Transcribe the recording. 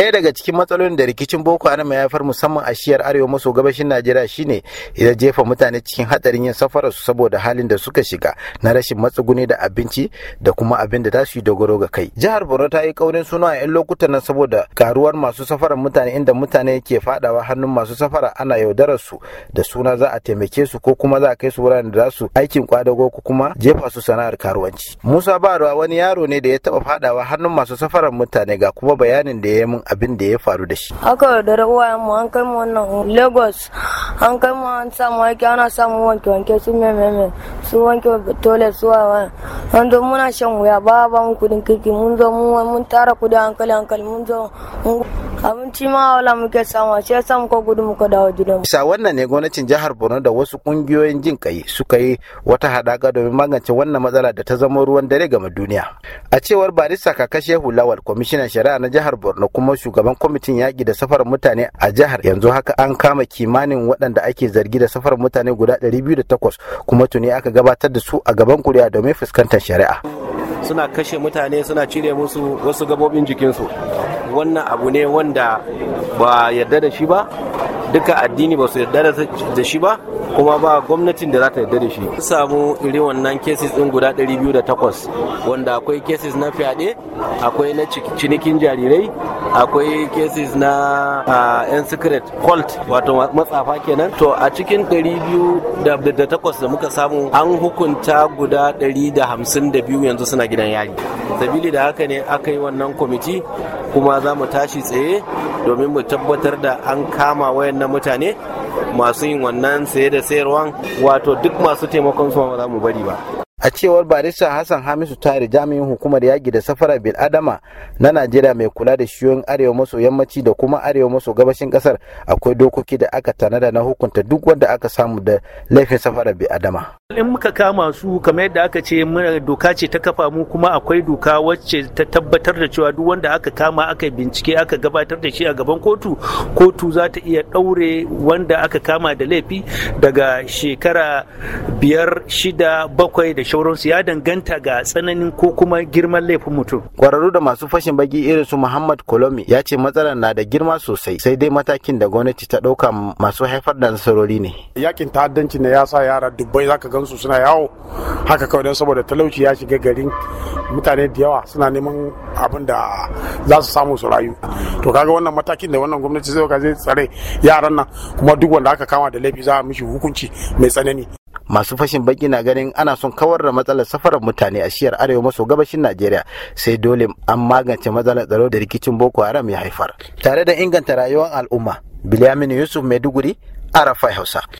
ɗaya daga cikin matsalolin da rikicin boko haram ya far musamman a shiyar arewa maso gabashin najeriya shine ya jefa mutane cikin hatsarin yin safarar su saboda halin da suka shiga na rashin matsuguni da abinci da kuma abin da za su yi dogaro ga kai jihar borno ta yi kaurin suna a yan lokutan nan saboda karuwar masu safarar mutane inda mutane ke fadawa hannun masu safara ana yaudarar su da suna za a taimake su ko kuma za a kai su wuraren da za su aikin kwadago ko kuma jefa su sana'ar karuwanci musa barwa wani yaro ne da ya taba fadawa hannun masu safarar mutane ga kuma bayanin da ya yi min abin da ya faru da shi haka da ya mu an kai mu wannan lagos an kai mu an samu wanke ana samu wanke wanke su meme su wanke toilet su wawa an zo muna shan wuya ba ba mu kudin kirki mun zo mun tara kudi hankali hankali mun zo abinci ma wala muke samu sai yasa muka gudu muka dawo mu Bisa wannan ne gwamnatin jihar Borno da wasu kungiyoyin jin kai suka yi wata haɗaka domin magance wannan matsala da ta zama ruwan dare game duniya. A cewar Barista Kakashe Hulawal kwamishinan shari'a na jihar Borno kuma shugaban kwamitin yaƙi da safar mutane a jihar yanzu haka an kama kimanin waɗanda ake zargi da safar mutane guda 208 kuma tuni aka gabatar da su a gaban kuri'a domin fuskantar shari'a. Suna kashe mutane suna cire musu wasu gabobin jikinsu. wannan abu ne wanda ba yarda da shi ba duka addini ba su yarda da shi ba kuma ba gwamnatin da za ta yarda da shi sun samu irin wannan cases din guda 208 wanda akwai cases na fyaɗe akwai na cinikin jarirai akwai cases na yan secret cult wato matsafa kenan to a cikin 208 da muka samu an hukunta guda 152 yanzu suna gidan yari sabili da haka ne aka yi wannan kwamiti kuma za mu tashi tsaye domin mu tabbatar da an kama wayan na mutane masu yin wannan saye da sayarwan wato duk masu taimakon su ba za mu bari ba a cewar barista hassan hamisu tare jami'in hukumar yaƙi da safara bil adama na najeriya mai kula da shiyoyin arewa maso yammaci da kuma arewa maso gabashin kasar akwai dokoki da aka tanada na hukunta duk wanda aka samu da laifin safara bil adama in muka kama su kamar yadda aka ce muna doka ce ta kafa mu kuma akwai doka wacce ta tabbatar da cewa duk wanda aka kama aka bincike aka gabatar da shi a gaban kotu kotu za ta iya ɗaure wanda aka kama da laifi daga shekara biyar shida bakwai da shauransu ya danganta ga tsananin ko kuma girman laifin mutum kwararru da masu fashin baki irin su muhammad kolomi ya ce matsalar na da girma sosai sai dai matakin da gwamnati ta ɗauka masu haifar da nasarori ne yakin ta'addanci ne ya sa yara dubbai zaka ga su suna yawo haka kawai don saboda talauci ya shiga garin mutane da yawa suna neman abin da za su samu su rayu to kaga wannan matakin da wannan gwamnati zai zai tsare yaran nan kuma duk wanda aka kama da laifi za a mishi hukunci mai tsanani masu fashin baki na ganin ana son kawar da matsalar safarar mutane a shiyar arewa maso gabashin najeriya sai dole an magance matsalar tsaro da rikicin boko haram ya haifar tare da inganta rayuwar al'umma biliyamin yusuf maiduguri arafai hausa